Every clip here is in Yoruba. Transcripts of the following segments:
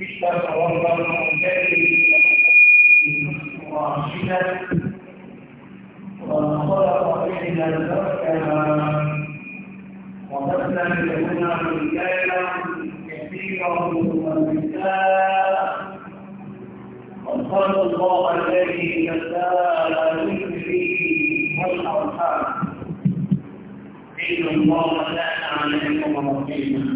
اشترك ربنا وكافر واحدة وخلق بنا زوجها وبث منهما رجالا كثيرا ونساء واتقوا الله الذي تساءلون به والارحام ان الله كان عليكم رقيبا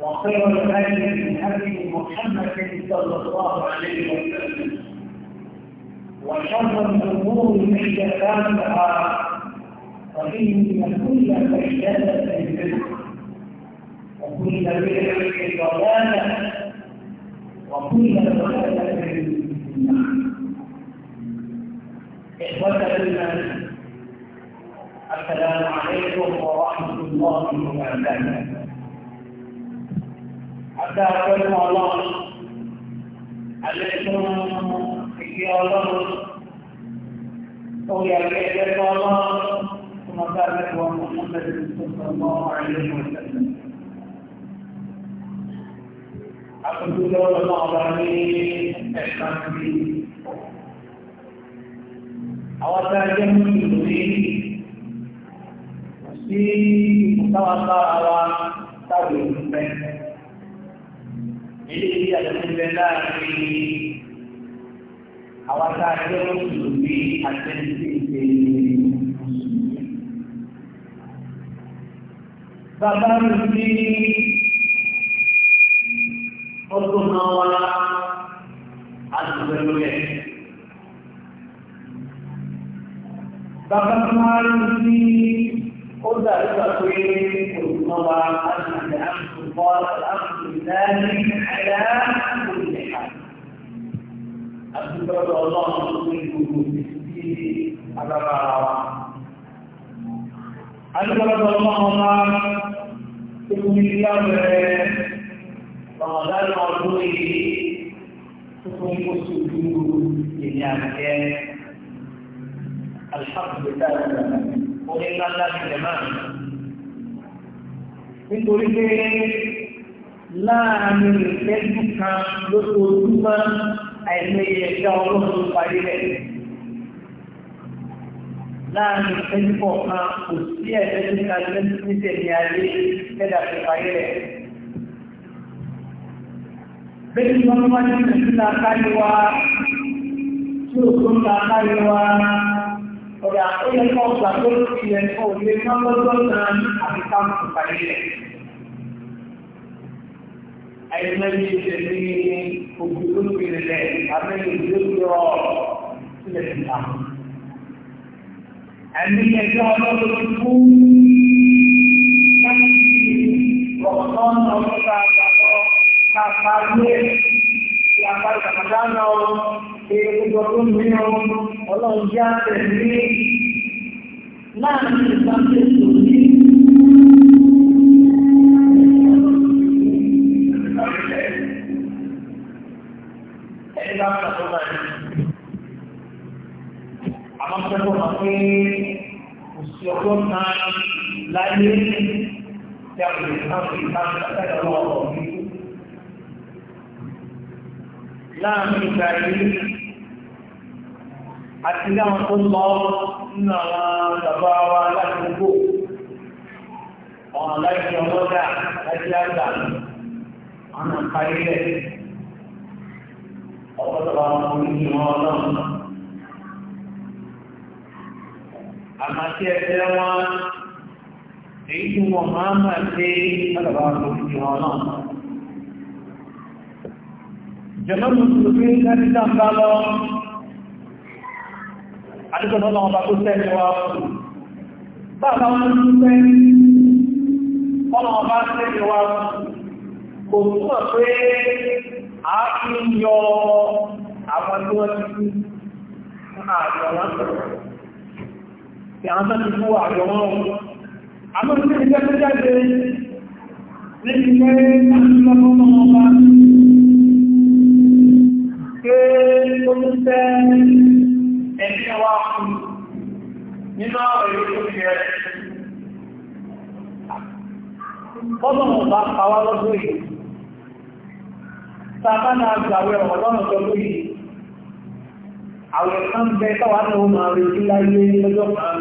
وخير الهدي هدي محمد صلى الله عليه وسلم وشر الامور محدثاتها فان كل محدثه بدعه وكل بدعه ضلاله وكل ضلاله في النار اخوه الايمان السلام عليكم ورحمه الله وبركاته ada pẹ̀lú ọlọ́run alẹ́kùn ìgbé ọlọ́run orí àgbẹ̀gbẹ̀ ọlọ́run tó máa bá mẹ́wàá mọ̀ fún mẹ́rin tó sọ mọ́ àìlẹ́kùn ìṣẹ̀lẹ̀. Akọ̀tún lọ́wọ́ náà bá ní ẹ̀ka sí àwọn tá a jẹ́ mú ìlú ní sí ìpòtáwàtà àwa tábìlì mẹ́rin ilé ilé àtẹnudẹ láàrin àwọn tá a jẹ́ mùsùlùmí àtẹnudẹ ìṣe mùsùlùmí. Bàbá mi ní ọdún náà wá àtúntò lórí ẹ̀. Bàbá máa ń ní ó dàrú pàpé òṣùwọ̀n wa àtúntò àtúntò. قال الأخذ بالله على كل حال أخذ الله من الوجود على أن رضى الله عنه ثم اليوم رمضان عضوه ثم السجود لنعمته الحمد لله ولله الجمال nítorí pé láàrin ìtẹ́jú kan lóṣoojúmọ́ àìmọye ẹ̀dá ọlọ́run parí rẹ̀. Láàrin ìtẹ́jú kọ̀ọ̀kan kò sí ẹ̀ẹ́dẹ́jú kan lẹ́sìnítẹ̀ ní ayé ẹ̀dá fi parí rẹ̀. Bẹ́ẹ̀ni wọ́n máa ń jẹ́ ìṣúná kárí wa tí ó tó ń ta kárí wa ọ̀dà ó yẹ kọ́ ọ̀gbà tó ti yẹ kọ́ òye máa ń lọ́gbọ́n náà àti káàmù parí rẹ̀ àìsànlẹ̀ ìṣẹ̀lẹ̀ ògùn olùpìlẹ̀ abẹ́lẹ̀ ìdókòrò sílẹ̀ síta. Ẹ̀mí ẹ̀jẹ̀ ọlọ́run fún láti ọ̀sán ọlọ́ta àgbàkọ́ kápá lé ti apá ìtàkàdánà ọ̀run ṣe gbogbo ọdún mìíràn ọlọ́run jẹ́ àtẹ̀lé láàrin ìgbàgbé tòun bá mọ̀ tó máa ní. Àmọ́ pé kò mọ̀ pé kò sí ọjọ́ kan láyé tí a lè ká fi ìbámu lọ́sẹ̀dọ̀ lọ́wọ́ mi. Láàárín ìgbà yìí, àti láwọn tó lọ nínú àwọn bàbá wa láti ọ̀nà láìsí ọlọ́dà láti àgbà ọ̀nà kárí ọ̀pọ̀lọpọ̀ àwọn oníṣẹ́ wọn ọlọ́run. àmà tí ẹgbẹ́ wọn èyí tí wọn máa ń máa ṣe ọ̀pọ̀lọpọ̀ àwọn oníṣẹ́ wọn ọlọ́run. jọ̀nà mùsùlùmí láti dáńbá lọ bá tó sẹ́ni bá sẹ́ni wa kò a fi ń yọ àwọn tí wọ́n ti kú àjọ wọn tí àwọn tó ti kú àjọ wọn àmọ́ tí ìjẹ́ tó jáde níbi pé láti lọ́pọ̀ mọ́ ọba pé ó ń tẹ́ ẹ̀mí àwọn èrò tó pàwà lọ́dún yìí Tàbá náà gbàwẹ̀ ọ̀lọ́nà tó lórí. Àwọn kan bẹ táwa náà máa retí láyé lọ́jọ́ kan.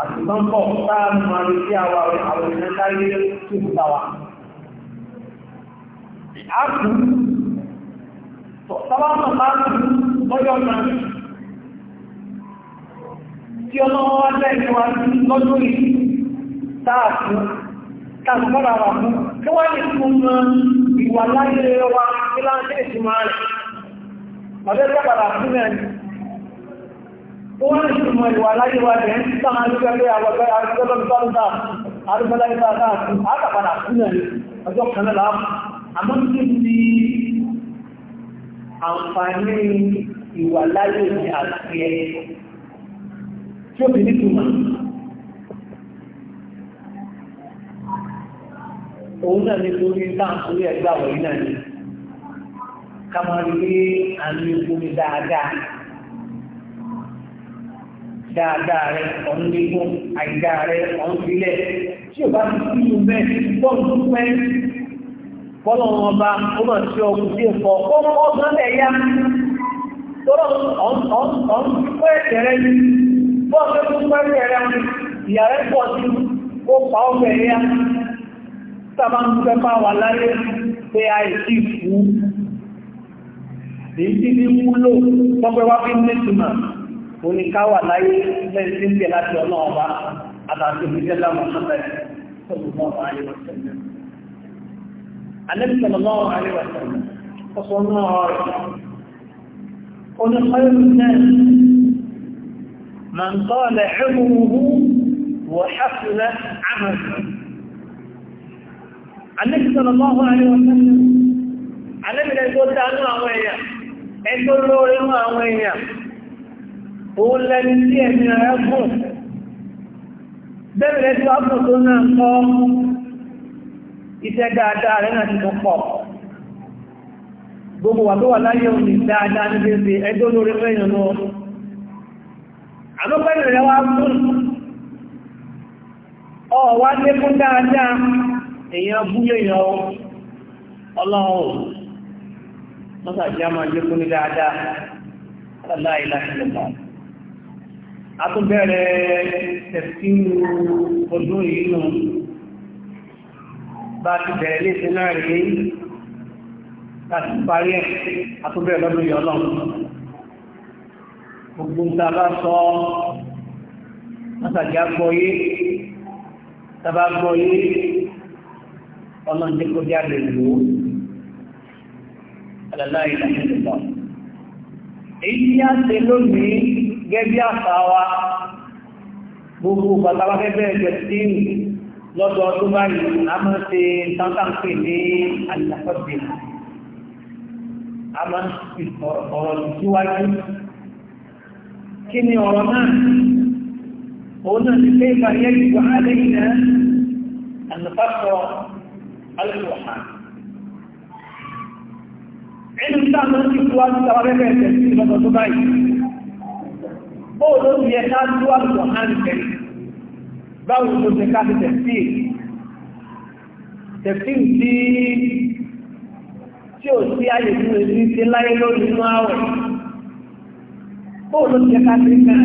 Àtùmọ́n pọ̀ táà máa retí àwọn àwọn ìrìn láyé tó gbàwà. A kú, tọ́wọ́ náà bá kú lọ́jọ́ kan. Tí ọlọ́wọ́ wá lẹ́yìn wá sí lọ́jọ́ yìí, táà fún, táà fún bọ́ra wà fún, kí wá lè fún ìwà láyé wa kí láwọn kí èsì máa rẹ̀ ọ̀dẹ́ tẹ́pàdà fún ẹ̀ wọ́n sì mọ̀ ìwà láyé wa rẹ̀ ń sáà lókẹ́ pé àwọ̀gbẹ́ arúgbẹ́lọ́gbẹ́lọ́gbà arúgbẹ́lọ́gbà àtàpàdà fún ẹ̀ ọjọ́ kan náà láàpù àmọ́ tí ti àǹfààní ìwà láyé ní àti ẹ̀ tí ó fi ní túmọ̀ òun náà ni lórí táàkùn ẹgbà wọ̀nyí náà ni ká máa rí pé à ń lè bomi dáadáa dáadáa rẹ ọ̀n lè fún àìdá rẹ ọ̀n sílẹ̀ tí o bá ti sí inú bẹ́ẹ̀ tó ń dúpẹ́ bọ́lọ̀ wọn bá ó mọ̀ sí ọkùn sí ẹ̀fọ́ ọmọ ọgbọ́n lẹ̀ yá tọ́rọ̀ ọ̀n dúpẹ́ ẹ̀rẹ́ ni bọ́ọ̀lù dúpẹ́ ẹ̀rẹ́ ni ìyá pọ̀ sí ó pa ọ̀fẹ́ yá sábà ń dúpẹ́ bá wà láyé pé àìsí ìfú èyí tí bí wúlò tọ́pẹ́ wá fi ní ìtumọ̀ oníkáwà láyé lẹ́yìn tí ń bẹ láti ọ̀nà ọba àtàkì ìgbésẹ̀lá mọ̀sánlẹ̀ sọ̀rọ̀ àlẹ́sọ̀lọ́wọ́ àríwàsọ̀lẹ̀ ọ̀sọ̀ náà ọ̀rọ̀ oníkọ́lù náà man tọ́ọ̀lẹ̀ ẹ̀rùn-ún ẹgbẹ́ olóore mú àwọn èèyàn òun lẹ́ni tí ẹ̀mí rẹ̀ gùn bẹ́ẹ̀rẹ̀ tí wọ́n tó náà kọ́ iṣẹ́ dáadáa rẹ̀ náà ti tó pọ̀ gbogbo wà tó wà láyé òní dáadáa ní gbèsè ẹgbẹ́ lọ rẹ̀ wá dáadáa èèyàn ọlọ́run mọ́sá jẹ́ àmà jẹ́kú ní dáadáa aláìláìlẹ́lá àtúbẹ̀rẹ̀ tẹ̀síwò ọdún yìí nù bá ti bẹ̀rẹ̀ léṣe náà rí láti parí ẹ̀ àtúbẹ̀rẹ̀ lọ́dún yìí ọlọ́run gbogbo ń tàbá sọ mọ́sá jẹ́ àgbọ̀yé tàbá gbọ̀yé ọlọ́run jẹ́ àlàlá ilẹ̀ ìlọ. Èyí ni a ṣe lónìí gẹ́gẹ́ àṣà wa gbogbo bàtàwà gẹ́gẹ́ ẹgbẹ̀ sí lọ́dọ̀ ọdún báyìí a máa ṣe tántàǹpì ní àlàkọ́dé. A máa fi ọ̀rọ̀ síwájú. Kí ni ọ̀rọ̀ náà? Òun náà ti ẹnu tí àwọn ti kú wájú tàbá bẹ́ẹ̀ bẹ́ẹ̀ sí ìlọ́tọ̀ tó báyìí bóò ló ti yẹ ká tó àlùkò hàn tẹ̀lé báwo ló ti ká ti tẹ̀sí tẹ̀sí tí tí ò sí àyè fún èsì ti láyé lórí inú àwẹ̀ bóò ló ti yẹ ká ti kàn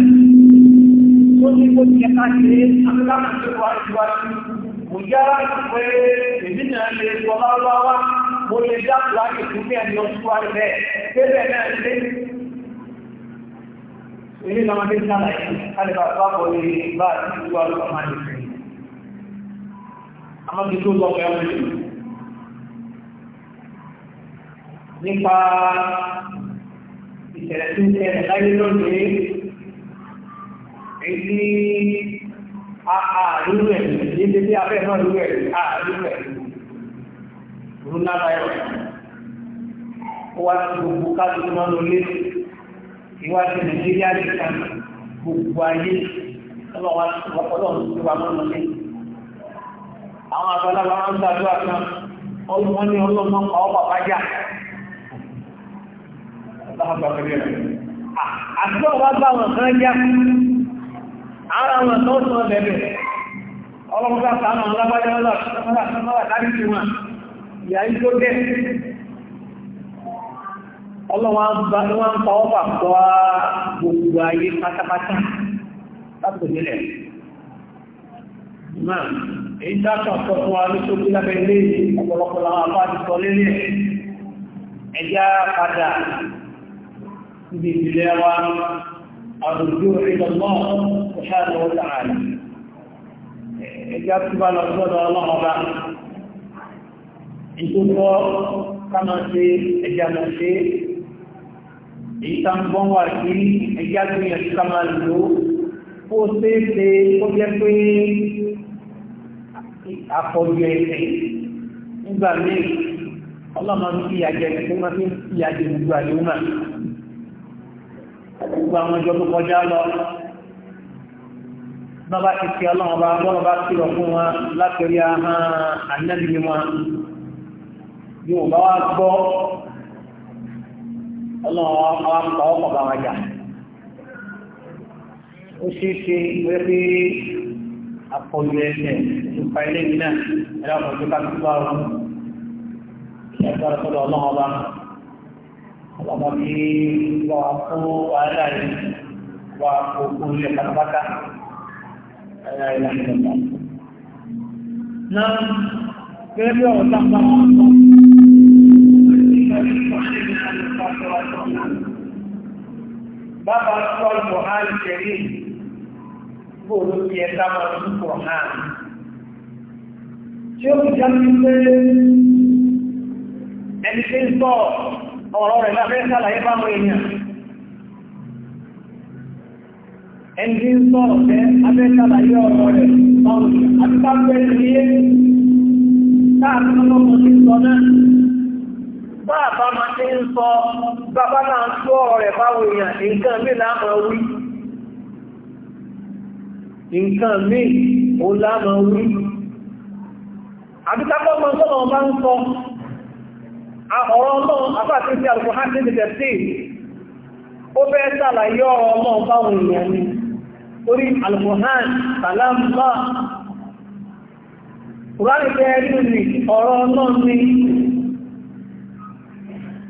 tó ní kó ti yẹ ká ti amúlámọ̀ tó wájú wájú kò yára pé èdè náà lè wọ́n bá mo lè dá kùránì fún ní ẹni ọdún wa rẹ̀ débẹ̀ náà lé. Ilé ìlànà bí sára yìí, kálíbà bá bọ̀ ní bá àti ìlú àlùkò máa lè fẹ́. Àmọ́ kí tó lọ pẹ́ wọn jù. Nípa ìṣẹ̀lẹ̀ tí ń ṣẹlẹ̀ láyé lónìí, èyí ààrùn rẹ̀, èyí tí abẹ́ náà lórí rẹ̀, ààrùn rẹ̀ rúnà báyọ̀ ó wá sí gbogbo káàkiri máa lọ lé ìwádìí nàìjíríà nìkan gbogbo ayé ọlọ́wà ọlọ́run tó wà lọ́nà lé àwọn àgbàlagbà máa ń gbàdúrà kan ọlọ́mọ ní ọlọ́mọ ọ̀ bàbá jà àti ọ̀wá bá wọn kan já ara wọn tó sọ bẹ̀rẹ̀ ọlọ́pàá sàánà ọlọ́pàá jẹ́ ọlọ́pàá láti fi wọn ìyá ìjó dẹ̀ ọlọ́wọ́n ń pa ọ́fà pọ́ gbogbo ayé pátápátá látò nílẹ̀ náà èyí dákọ̀ sọ fún wa ní ṣókí lábẹ́ ilé ọ̀pọ̀lọpọ̀ làwọn àbá ti sọ lélẹ̀ ẹjá padà níbi ìpìlẹ̀ wa àrùjú ìdọ̀gbọ́n ọ̀ṣáàlọ́wọ́ tààrí lọ sọ́dọ̀ ọlọ́run ìtòkọ́ kánà ṣe ẹjá lọ ṣe èyí tá ń gbọ́n wà sí ẹjá gbìyànjú ká máa lò ó ṣe é ṣe ó jẹ́ pé àpọ̀jù ẹ̀sẹ̀ nígbà míì ọlọ́mọ fi àjẹ tó máa fi fi àjẹ gbogbo àjẹ náà gbogbo àwọn ọjọ́ tó kọjá lọ bá bá ti fi ọlọ́run bá bọ́ọ̀ bá kìlọ̀ fún wa látòrí ahọ́n ànábìlì wọn bí wọ́n bá wá gbọ́ ọlọ́run wá pa ọkọ̀ bá wọn jà ó ṣe é ṣe wẹ́ pé àpọ̀jù ẹsẹ̀ ìpa ilé mi náà ẹ̀rọ àpọ̀jù ká tó bá wọn ìyàgbọ́ ọ̀sọ́dọ̀ ọlọ́run ọba bí wà á kó wàhálà wà á kó kó ilé ìlànà ìjọba. bàbá tó ọ̀pọ̀ hàn kẹrí gbòòrò ti ẹ̀ta máa tún pọ̀ hàn tí ó já ní pé ẹni tí ń tọ́ ọ̀rọ̀ rẹ̀ lábẹ́ sàlàyé bá mọ èèyàn ẹni tí ń tọ́ ọ̀fẹ́ abẹ́ sàlàyé ọ̀rọ̀ rẹ̀ bá bẹ́ẹ̀ ní yé táà tó lọ́mọ bá àbá máa ti ń sọ bàbá náà tó ọ̀rọ̀ rẹ̀ báwọn èèyàn nǹkan míì láàmà wí nǹkan míì ó láàmà wí àbíkápọ̀ máa tọ́nà ọba ń sọ ọ̀rọ̀ ọlọ́run àbáàtí sí àlùkò hàndí nìkẹ̀ sí ó fẹ́ sàlàyé ọ̀rọ̀ ọlọ́run báwọn èèyàn ni orí àlùkò hàndí sàlámùbá Kùránì fẹ́ rí ni ọ̀rọ̀ ọlọ́run ni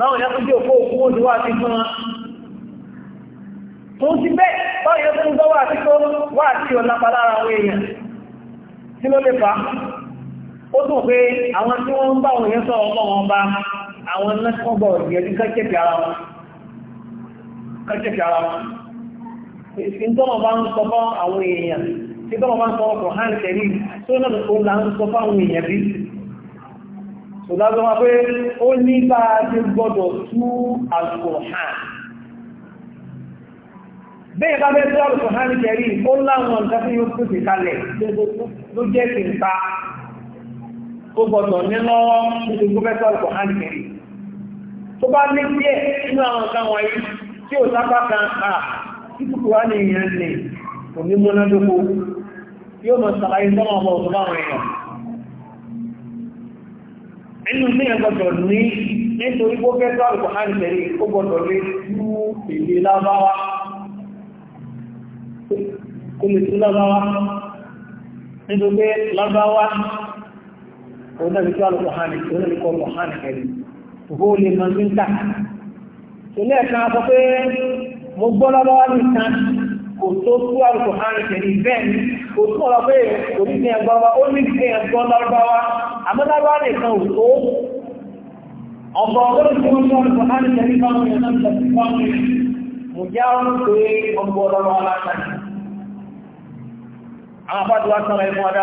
báwọn èèyàn fún bí òkú òkú òdú wà sí fún wọn tó ń ti bẹ́ẹ̀ báwọn èèyàn fún gbọ́ sí tó wà sí ọ̀lápa lára àwọn èèyàn tí ló lè fà ó dùn pé àwọn tí wọ́n ń bá àwọn èèyàn sọ ọmọ wọn bá àwọn kẹ́kẹ́kẹ́ ara wọn kẹ́kẹ́kẹ́ ara wọn ìtọ́mọ̀ bá ń sọ fún kò dájọ́ wá pé ó ní bá a ti gbọ́dọ̀ tú alkùnhàn bẹ́ẹ̀ bá bẹ́ẹ̀ tú alkùnhàn kẹrí ó láwọn nǹkan tí yóò pèsè kalẹ̀ ló jẹ́ sí ń ta ó gbọ́dọ̀ ní lọ́wọ́ nítorí gbọ́ bẹ́ẹ̀ tú alkùnhàn kẹrí tó bá ní díẹ̀ nínú àwọn nǹkan wọ̀nyí tí ò sábà kan à yóò mọ̀ sàlàyé sọ́nà ọmọ òṣùlá àwọn èèyàn nínú tí yẹn gbọdọ̀ ní nítorí bó fẹ́ tó àlùkò hàn tẹ̀lé ó gbọdọ̀ lé tú èdè lábáwá kó lè tú lábáwá nítorí pé lábáwá òun náà fi tó àlùkò hàn tẹ̀lé òun náà fi kọ́ àlùkò hàn tẹ̀lé lè mọ ta tẹ̀lé ẹ̀ka sọ pé mo gbọ́ kò tún ọ̀rọ̀ pé kò ní ìsìn ẹ̀gbọ́n wa ó ní ìsìn ẹ̀gbọ́n lárúbáwá àmọ́ lárúbáwá nìkan ò tó ọ̀pọ̀ ọlọ́run tí wọ́n tún ọ̀rọ̀ láti tẹ̀lé fáwọn èèyàn náà tẹ̀lé fáwọn èèyàn mo já ọ́n pé ọgbọ́n ọlọ́run alákàtà àwọn apá tí wọ́n sọ̀rọ̀ ọ̀nà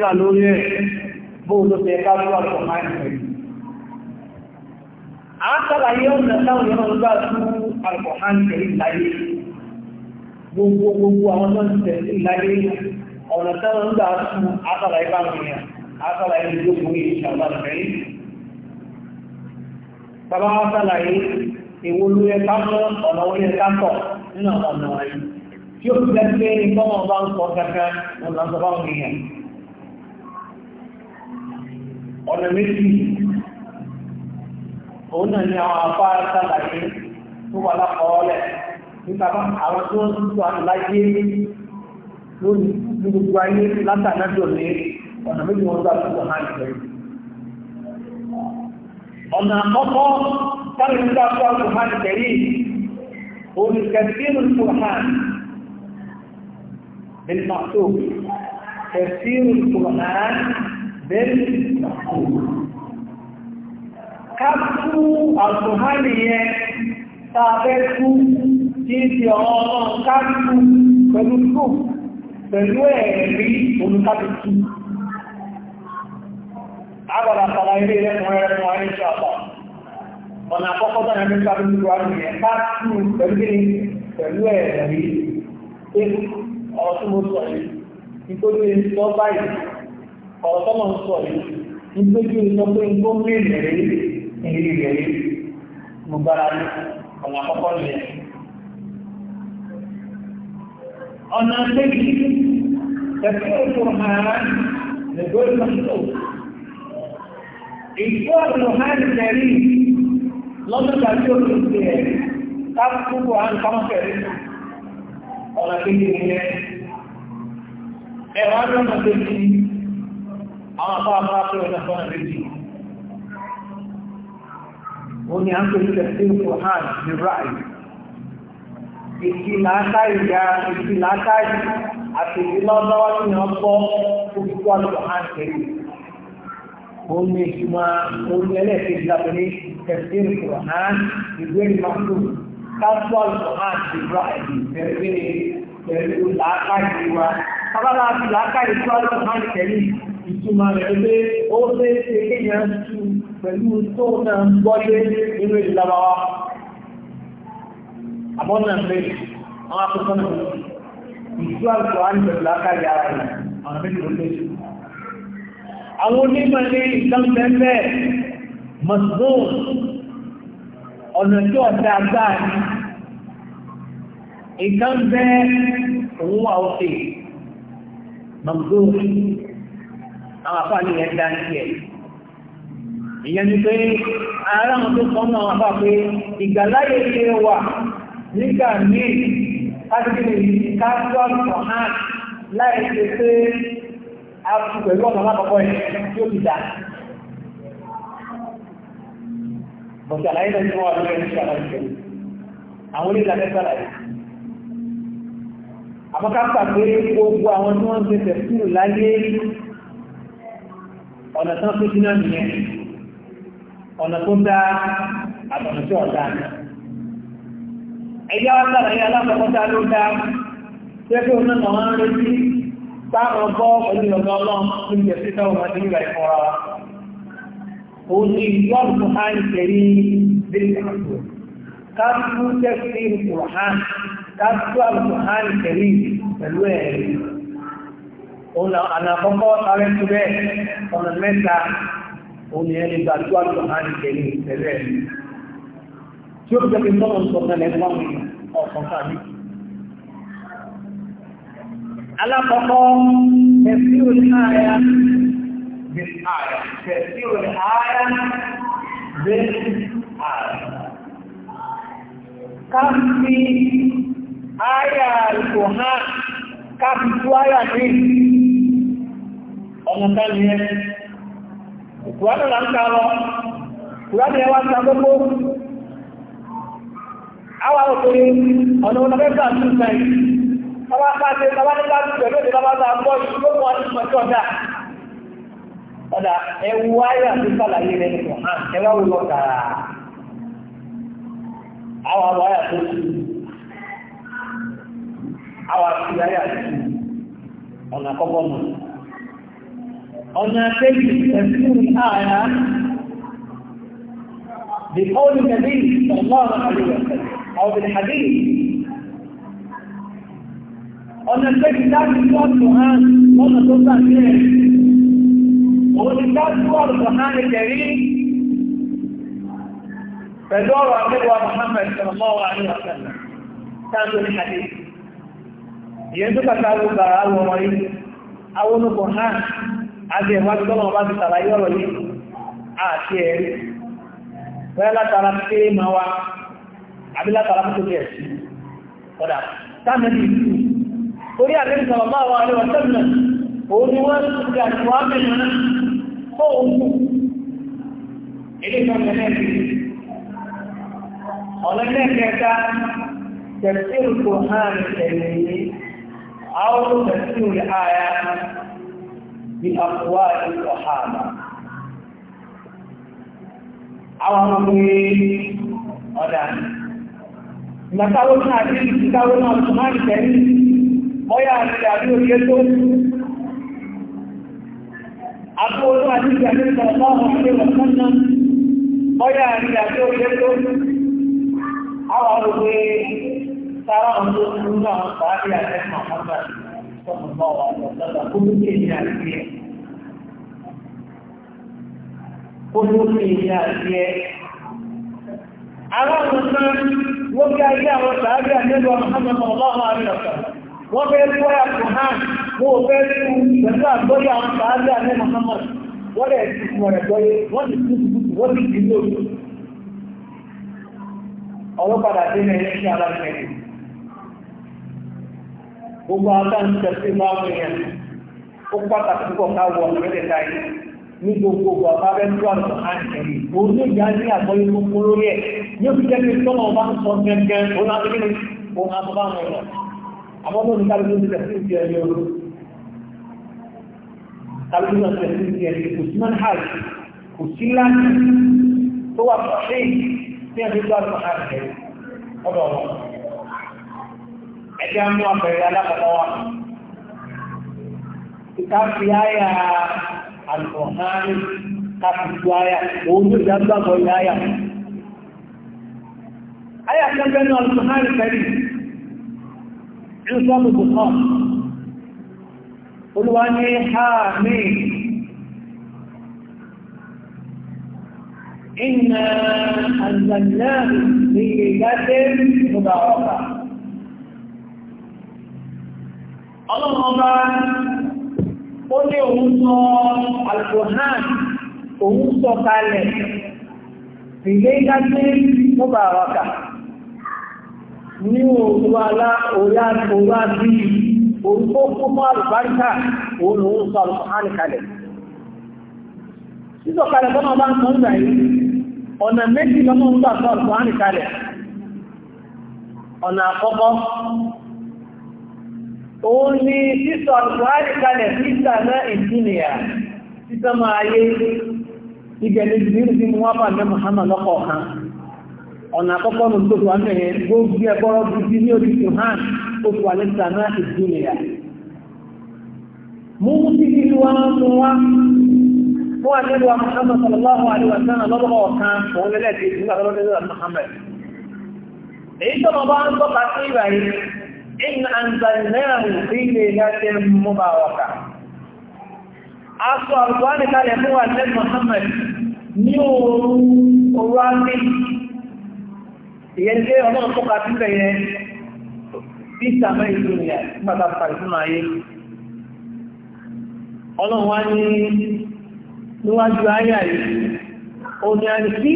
táwọn èèyàn ń gbà fún gbogbo gbogbo àwọn náà ti tẹ̀lé ìlàyé ọ̀nà tí wọ́n ń gbà fún akọ̀lá ibà mìíràn akọ̀lá ibi tó kún yìí ṣàlọ́ àtẹ̀lé. Bàbá wa sàlàyé èwo ló yẹ ká mọ́ ọ̀nà orí ẹ̀ká tọ̀ nínú àwọn ọ̀nà wọ̀nyí. Tí ó fi lẹ́sẹ̀ ní kọ́mọ̀ bá ń sọ kankan wọn lọ sọ bá wọn yẹn. Ọ̀nà méjì òun náà ni àwọn afárá sàlàyé tó wà lápá ọ̀lẹ̀ nípa àwọn tí wọ́n ń sọ àtìláyé lórí gbogbo ayé látàdájọ́ ní ọ̀nà méjì wọn gbà púpọ̀ náà ìgbẹ̀rẹ̀. ọ̀nà àkọ́kọ́ táwọn ìgbà púpọ̀ púpọ̀ náà ìgbẹ̀rẹ̀ olùkẹ̀sírù Kùrán bẹ́ẹ̀ máa tó kẹ̀sírù Kùrán bẹ́ẹ̀ máa tó ká tú àkùrán yẹn tá a fẹ́ tú tí ń fi ọ̀rọ̀ ọlọ́run káàkiri pẹ̀lú kò pẹ̀lú ẹ̀rí olùkábìtì agbàdà tàbí ilé ẹ̀kùn rẹ̀ fún ẹni ṣọ́pọ̀ ọ̀nà àkọ́kọ́ tọ́nà ní kábìtì wà ní ẹ̀ká tún pẹ̀lú pẹ̀lú ẹ̀rí ọ̀rọ̀ tí mo sọ yìí nítorí ìsọ báyìí ọ̀rọ̀ tọ́nà ń sọ ọ̀nà lẹ́bí tẹ̀sí òkùnrin lẹ́gbẹ́ ìpàtó ìfọ́ ọ̀nà lẹ́rí lọ́dún tàbí olùsè ẹ̀ káàkùkù à ń kọ́ fẹ̀rí ọ̀nà lẹ́bí ìyẹn ẹ̀rọ ọ̀nà lẹ́bí àwọn afọ́ afọ́ afọ́ ọ̀nà ọ̀nà lẹ́bí ó ní à ń pè ní tẹ̀sí òkùnrin lẹ́ráì ìdí làákà ìyá ìdí làákà yìí àti ìdí lọ́dọ́wọ́ tí wọ́n gbọ́ gbogbo ọ̀dọ̀ hàn kiri. ó ní ìtumọ̀ orí ẹlẹ́ẹ̀kejì lábẹ́ ní tẹ̀síìn kùrọ̀hán ìwé ìmọ̀tò káfọ́ ọ̀dọ̀ hàn ti rà ẹ̀dì pẹ̀lú pẹ̀lú làákà yìí wa. abala àti làákà yìí tó ọ̀dọ̀ hàn ìtumọ̀ rẹ̀ pé ó ṣeé ṣe kéèyàn tu pẹ̀lú tó náà gbọ́lé nínú ìlú àbọ́nà pé àwọn akọ́kọ́ náà ìjú àgbà wà ní pẹ̀lú àkàrí ara rẹ̀ àwọn méjì ló lé àwọn onímọ̀ ní ìtàn bẹ́ẹ̀ mọ̀sùlùm ọ̀nà tí ọ̀tẹ́ agbáà ní ìtàn òun wà òkè mọ̀sùlùm àwọn ni pé ara àwọn tó sọ mọ́ àwọn àfáà pé ìgbàláyé ṣe wà nígbà míì káàkiri káàkiri ọ̀hán láì ṣe pé a fi pẹ̀lú ọ̀nà alákọ̀ọ́kọ́ ẹ̀ tí ó ti dà. Bọ̀dé àlàyé náà ti wọ́n wà lórí ẹ̀ṣẹ̀ àlàyé pẹ̀lú. Àwọn onílà fẹ́ sàlàyé. Àmọ́ ká gbà pé gbogbo àwọn tí wọ́n ń ṣe tẹ̀sílù láyé ọ̀nà tán tó dínà nìyẹn. Ọ̀nà tó dá àtọ̀nà tí ọ̀dá náà ẹ̀yà aláàrẹ̀ alábẹ̀kọ́ta ló dá tẹ́kẹ́ òun náà wọ́n retí táwọn bọ́ pẹ̀lú ọ̀gá ọlọ́run tó yẹ sí táwọn ọmọdé ìgbà ìfọ́ra wa ó ní yọ́ọ̀dù tó há ń tẹ̀rí délé àpò káàkiri tẹ́sí ìkùrọ̀hán káàkiri àpò há ń tẹ̀rí pẹ̀lú ẹ̀rí òun ànàkọ́kọ́ sáré tó bẹ́ẹ̀ ọ̀nà mẹ́ta òun ni ẹni gbàdúrà tó há pẹ̀lú ẹ̀rí tí ó jẹ́ pé tọ́lọ̀ ń sọ̀rọ̀ lẹ́nu wọn ọ̀kan sáàbí. Alákọ̀ọ́kọ́ tẹ̀sí òní ààyà bí ààyà tẹ̀sí òní ààyà bí ààyà. Ká fi ààyà ìkò náà ká fi tú ààyà ní ọmọ lọ, ìkùránà ẹ wá àwọn òkèrè ọ̀nà olùgbẹ́gbà tún sẹ́yìn ọba káàkiri tàbánílá tún pẹ̀lú ìdí lábátà bọ́ ìgbóhùn àti pẹ̀lú ọ̀dá ọ̀dá ẹwú ayé àti sàlàyé rẹ̀ nìkan ẹwà wúlọ kàrà àwọn àwọn ayé àti àwọn àti ayé àti ọ̀nà àkọ́kọ́ nù ọ̀nà àkẹ́kì ẹ̀fún ààrẹ بقول النبي صلى الله عليه وسلم أو بالحديث ọ̀nà ìgbẹ́jì láti tó ọ̀tọ̀hán lọ́nà tó sàtílẹ̀ òun ni láti tó ọ̀tọ̀hán lè tẹ̀rí pẹ̀lú ọ̀rọ̀ àgbẹ́wà Muhammad sallallahu alaihi wa sallam sáàtò ní àdé ìyẹn tó kàkà gbogbo àwọn ọmọ yìí àwọn olùkọ̀ hàn àti ẹ̀wà tó lọ́wọ́ bá ti sàlàyé ọ̀rọ̀ àbí látara tó bẹ̀rẹ̀ sí ọ̀dà sáàmẹ́lì orí àbẹ́rẹ́ sọ̀rọ̀ bá wà lọ́wọ́ sẹ́mìnà òun ni wọ́n ti àtìwọ́ àbẹ̀rẹ̀ fóun kù ilé ìtọ́jẹ́lẹ́ẹ̀kì ọ̀lẹ́lẹ́kẹta tẹ̀síl àwọn tẹ̀síl àyà bí àkùwà ìgbàtàwó náà àti ìgbàtàwó náà tó máa ń tẹ̀lé ọyá àti àbí òye tó àkóòdó àti ìgbàtàwó náà ọmọ ìwọ̀n kan náà ọyá àti àbí òye tó àwọn òwe sára ọdún ọdún náà pàápàá àti ẹ̀sìn àpapà sọ́kùn bá wà lọ́dọ̀ kó ló kéde àti ẹ̀ kó ló kéde àti ẹ̀ àwọn ọmọ náà wọ́n bí ayé àwọn sàábí àjẹ́lú Muhammad sallallahu alaihi wasallam wọ́n fẹ́ tú ọ̀yà Kùrán wọ́n fẹ́ tú pẹ̀lú àgbọ́yé àwọn sàábí àjẹ́ Muhammad wọ́n lẹ̀ ti fún ọ̀rẹ́ gbọ́yé wọ́n ti tú tutù wọ́n ti dì lórí ọ̀rọ̀ padà dé ní ẹ̀yẹ́ sí alákẹ́kẹ́ gbogbo àwọn tá à ń tẹ̀sí máa ń rìn ẹ̀ ó pàtàkì púpọ̀ káwọ̀ ọ̀rẹ́dẹ̀ láyé ní gbogbo àbábẹ́ tó wà lọ́sọ̀ àìsẹ̀rí òun ní ìyá ní àgbọ́yé tó kún lórí ẹ̀ ní ó fi jẹ́ pé tọ́mọ̀ bá ń sọ gẹ́gẹ́ òun á gbé òun á sọ bá wọn lọ àmọ́ tó ní kálukú ti tẹ̀sí ti ẹni ooru kálukú mú àpẹẹrẹ alákọ̀ọ́ wa ìta Al-Qur'an káfíńtì àyà òun ló dá gbàgbọ́ ilé àyà. Àyà kẹ́kẹ́ náà Al-Qur'an kẹ́rì ń sọ gbogbo kan. Olúwa ní Háàmì. Inna anzalnahu fi lailatin mubarakah. Ọlọ́run ọba ó ní òun sọ alkohan òun sọ kalẹ̀ ìlé ìdájẹ́ mọ́bà àwàkà ní òru alá òyà òru àbí orúkọ fún mọ́ àlùbáríkà òun lòun sọ alkohan kalẹ̀ sísọ̀kalẹ̀ tọ́nà bá ń sọ ń gbà yìí ọ̀nà méjì lọ́mọ́ ń gbà sọ alkohan kalẹ̀ ọ̀nà àkọ́kọ́ onye ni sísọ àtùwárí kalẹ̀ sísà náà ìdúnìyà sísọ máa yé ìgbẹ̀lẹ̀ ìdílé tí wọ́n bá mẹ́ Muhammad lọ́kọ̀ kan ọ̀nà àkọ́kọ́ ní gbogbo wa mẹ́rin gbogbo ẹgbọ́rọ̀ bíbí ní orí Johan oṣù alẹ́sà náà ìdúnìyà mú títí tí wọ́n mú wá wa sallallahu wa sallam lọ́wọ́ إن أنزلناه في ليلة مباركة aṣọ àrùkwáni kalẹ̀ fún wa Muhammad ní oòrùn orú ápí ìyẹn tí ọmọ ọ̀pọ̀ká tí bẹ̀ yẹn bí sàmẹ́ ìlú ni àgbàtà pàìsúnmà ayé ọlọ́run wá ní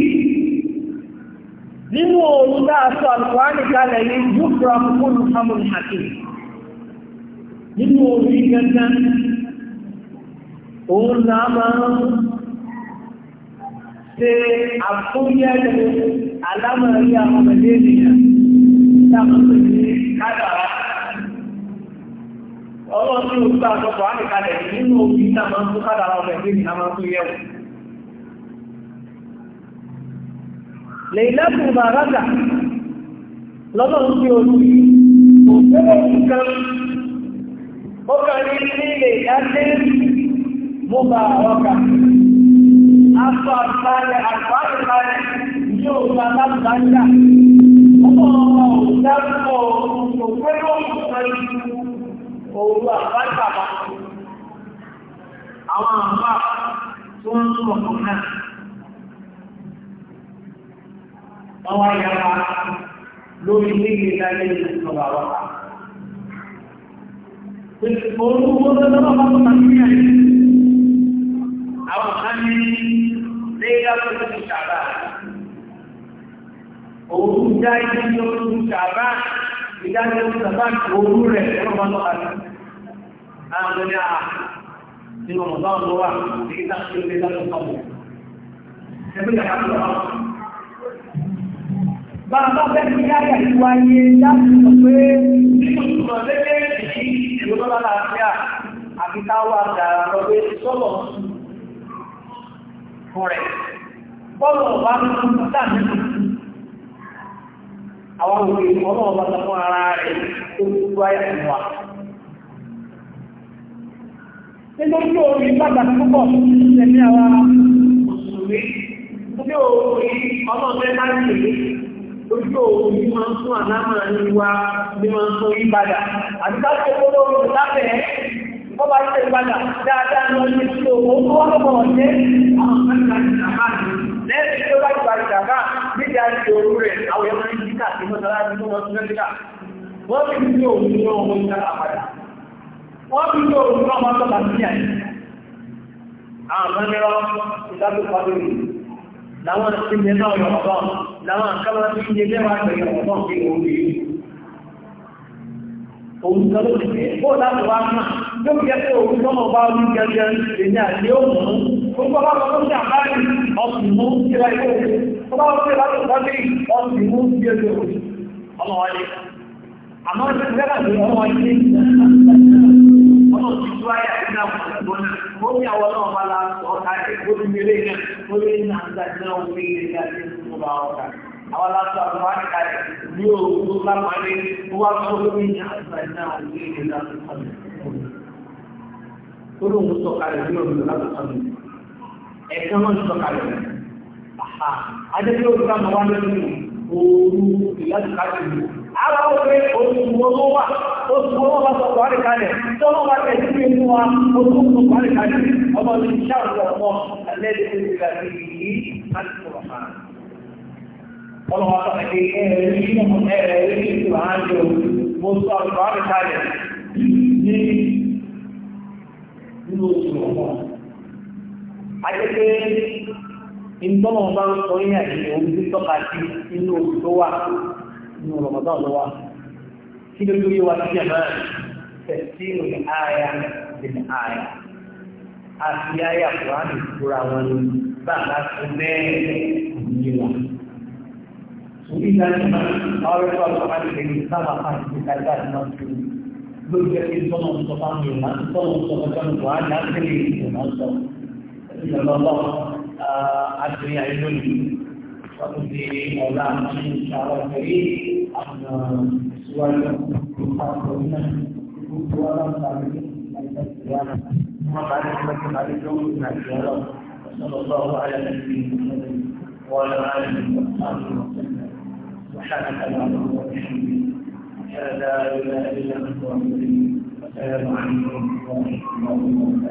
nínú òru dáa sọ alùpùránì kalẹ̀ ní yúkúra fúnfún hamul hakim nínú òru gangan òun náà máa ń ṣe àkúnyẹ́lẹ̀ alámọ̀rí àmọ̀lẹ́ ènìyàn sábàtì ní kádàrá ọlọ́run ní òkúta àtọ́kọ̀ á nìkalẹ̀ nínú òru náà máa ń fún kádàrá ọmọ ẹgbẹ́ ènìyàn máa ń fún yẹ̀wò lẹ́yìnlẹ́kù màrágà lọ́nà ń fi oṣù òṣèré nǹkan ó kàn ní ilé mú bá ọkà aṣọ àgbáyé àgbáyé yóò bá lágbàáyà ọmọ ọmọ òṣèré òṣèré òṣèré òru àgbáyà àwọn àmà tó ń lọ náà wọ́n wá yára lórí nílé láyé ìjọba wa. Olúwo lọ́wọ́ bá tó máa ní àyè. Àwọn kan ní léyà tó ti fi ṣàbá. Òun já ibi ní oṣù ṣàbá. Ìdájọ́ ṣàbá òru rẹ̀ lọ́wọ́ bá lọ́wọ́ rẹ̀. Àwọn ọmọdé àà nínú ọmọdé àwọn lọ́wọ́ àti bá a bá fẹ́ kí yáyà ìwà yé láti mọ̀ pé nínú ìtumọ̀ lẹ́lẹ́ẹ̀dì ìlú lọ́la làáfíà àti táwa dára lọ pé sọ́lọ̀ fún rẹ̀ bọ́ọ̀lù ọ̀bá tuntun tàbí àwọn òwe ọlọ́ọ̀bá tuntun ara rẹ̀ tó gbogbo ayà fún wa nítorí orí pàtàkì púpọ̀ tẹ̀lé àwọn mùsùlùmí ní orí ọlọ́ọ̀bẹ́ láti ojú òun ní máa ń fún àlámà ní wa ní máa ń fún ìbàdà àti bá ṣe kó lóòrùn lábẹ́ wọ́n bá ṣe ìbàdà dáadáa lọ ní ìṣó òun tó wọ́n lọ́wọ́ ọ̀jẹ́ àwọn mẹ́ta ní àmà lẹ́yìn tó bá gba ìjàmbá nígbà tí òru ní ìjà láwọn ìpínlẹ̀ náà yọ̀ọ̀bọ̀ láwọn àkábára tí ilé lẹ́wàá pẹ̀lú ọ̀pọ̀ sí òun yìí òun ti pẹ́ ó láti wá mọ́ tó fi ẹsẹ̀ òun tó mọ̀ bá orí gẹ́gẹ́ èmi àti òun mú múlò ti tó ayé àti náà fún ẹ̀gbọ́n náà ó ní àwọn náà bá la sọ ọ̀tá ẹ̀kọ́ ní ilé náà ó lé ní àǹtà náà ó ní ilé náà ní ìfún bá ọ̀tá. Àwọn aláṣọ àwọn àṣà rẹ̀ ní òru lápárí ó wá sọ lórí ní àǹtà náà ó ní ilé náà fún ọ̀tá. Ó lóun sọ̀kalẹ̀ ní òru láti sọ mi. Ẹ̀kan náà sọ̀kalẹ̀. Àjẹ́ bí ó ooru ìlàjì káàkiri. Ara ó pé oṣù owó wà, oṣù owó wà sọ pàrí kalẹ̀, tó wọ́n wá tẹ̀sí pé mú wa, oṣù sọ pàrí kalẹ̀, ọmọ ní ṣáàrùn ọmọ alẹ́dẹ̀ẹ́ ìgbàgbé yìí láti sọ̀rọ̀ máa. Ọlọ́wọ́ sọ pé ẹ̀rí ìmọ̀ ẹ̀rí ìtura á jọ, mo sọ àrùn pàrí kalẹ̀ ní nínú oṣù ọmọ. Ajẹ́ pé ìtọ́nà bá ń sọ ní àìyí òun tí tọ́ka sí inú oṣù tó wà inú Ramadan lọ́wà kí ló lórí wa sí ẹ̀mọ́ tẹ̀síìnù ní ààyà ní ààyà àti ààyà Kùránì ìfúra wọn ni bàbá tó mẹ́rin ní wa. Sùgbọ́n ìgbà tí wọ́n rẹ̀ sọ̀rọ̀ sọ̀rọ̀ àti ìlú sábà kan ti ká ìgbà tí wọ́n ti lórí jẹ́ tọ́nà sọ fáwọn èèyàn tọ́nà sọ fẹ́ أدري علمي وفي أولاد إن شاء الله الكريم أن سؤال مخاطبنا وصلى الله على نبينا محمد وعلى آله وصحبه وسلم سبحانك اللهم وبحمدك أشهد أن لا إله إلا أنت وأستغفرك السلام عليكم ورحمة الله وبركاته